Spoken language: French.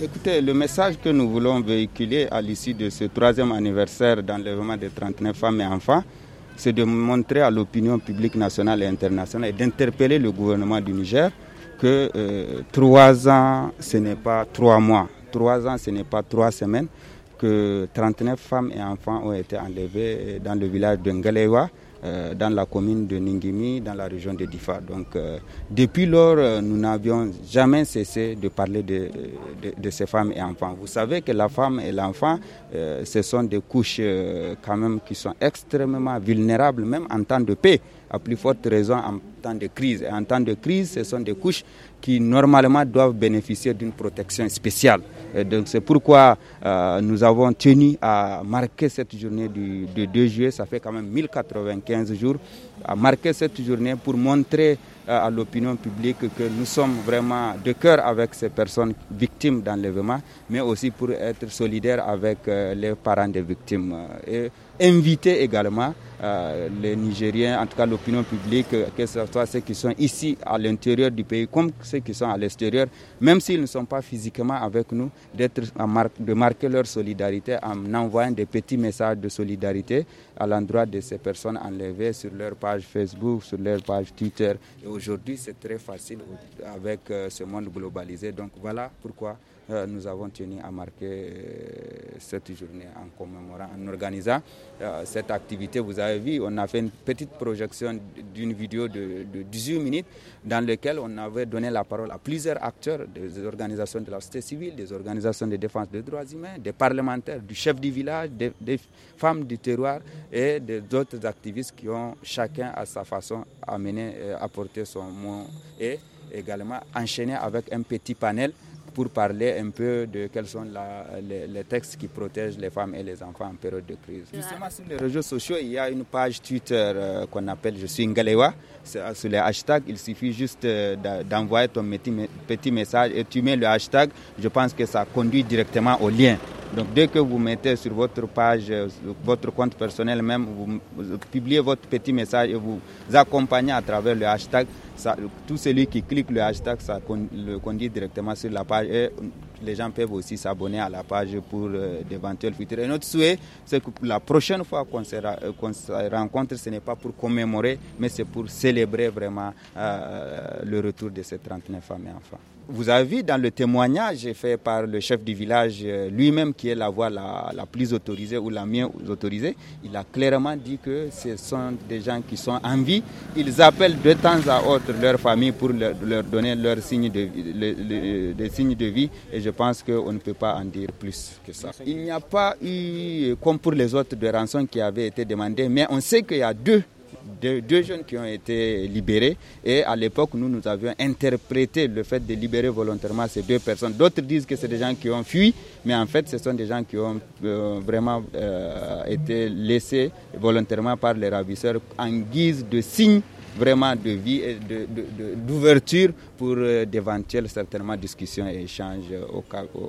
Écoutez, le message que nous voulons véhiculer à l'issue de ce troisième anniversaire d'enlèvement des 39 femmes et enfants, c'est de montrer à l'opinion publique nationale et internationale et d'interpeller le gouvernement du Niger que euh, trois ans, ce n'est pas trois mois. Trois ans, ce n'est pas trois semaines que 39 femmes et enfants ont été enlevés euh, dans le village de Ngalewa, euh, dans la commune de Ningimi, dans la région de Difa. Donc, euh, depuis lors, nous n'avions jamais cessé de parler de, de, de, ces femmes et enfants. Vous savez que la femme et l'enfant, ce sont des couches quand même qui sont extrêmement vulnérables, même en temps de paix, à plus forte raison en temps de crise. Et en temps de crise, ce sont des couches qui normalement doivent bénéficier d'une protection spéciale. donc c'est pourquoi euh, nous avons tenu à marquer cette journée du, 2 juillet, ça fait quand même 1095 jours, à marquer cette journée pour montrer euh, à l'opinion publique que nous sommes vraiment de cœur avec ces personnes victimes d'enlèvement, mais aussi pour être solidaires avec euh, les parents des victimes et inviter également euh, les Nigériens, en tout cas l'opinion publique, euh, que ce soit ceux qui sont ici à l'intérieur du pays comme ceux qui sont à l'extérieur, même s'ils ne sont pas physiquement avec nous, d'être de marquer leur solidarité en envoyant des petits messages de solidarité à l'endroit de ces personnes enlevées sur leur page Facebook, sur leur page Twitter. Et aujourd'hui, c'est très facile avec euh, ce monde globalisé. Donc voilà pourquoi nous avons tenu à marquer cette journée en commémorant, en organisant euh, cette activité. Vous avez vu, on a fait une petite projection d'une vidéo de, 18 minutes dans laquelle on avait donné la parole à plusieurs acteurs des organisations de la société civile, des organisations de défense des droits humains, des parlementaires, du chef du village, des, femmes du terroir et d'autres activistes qui ont chacun à sa façon amené, euh, apporté son mot et également enchaîné avec un petit panel pour parler un peu de quels sont les, textes qui protègent les femmes et les enfants en période de crise. Justement, sur les réseaux sociaux, il y a une page Twitter euh, qu'on appelle Je suis Ngalewa. Sur euh, les hashtags, il suffit juste euh, d'envoyer ton petit message et tu mets le hashtag. Je pense que ça conduit directement au lien. Donc dès que vous mettez sur votre page, euh, votre compte personnel même, vous, publiez votre petit message et vous accompagnez à travers le hashtag, tout celui qui clique le hashtag, ça le conduit directement sur la page et les gens peuvent aussi s'abonner à la page pour euh, d'éventuels futurs. Et notre souhait, c'est que la prochaine fois euh, qu'on se, rencontre, ce n'est pas pour commémorer, mais c'est pour célébrer vraiment le retour de ces 39 femmes et enfants vous avez vu dans le témoignage fait par le chef du village euh, lui-même, qui est la voix la, plus autorisée ou la mieux autorisée, il a clairement dit que ce sont des gens qui sont en vie. Ils appellent de temps à autre leur famille pour leur, donner leur signe de, euh, des signes de vie. Et je pense qu'on ne peut pas en dire plus que ça. Il n'y a pas eu, comme pour les autres, de rançon qui avait été demandée, mais on sait qu'il y a deux deux, jeunes qui ont été libérés. Et à l'époque, nous, nous avions interprété le fait de libérer volontairement ces deux personnes. D'autres disent que c'est des gens qui ont fui, mais en fait, ce sont des gens qui ont euh, vraiment euh, été laissés volontairement par les ravisseurs en guise de signe vraiment de vie et d'ouverture de, pour euh, d'éventuelles certainement discussions et échanges au, cas où.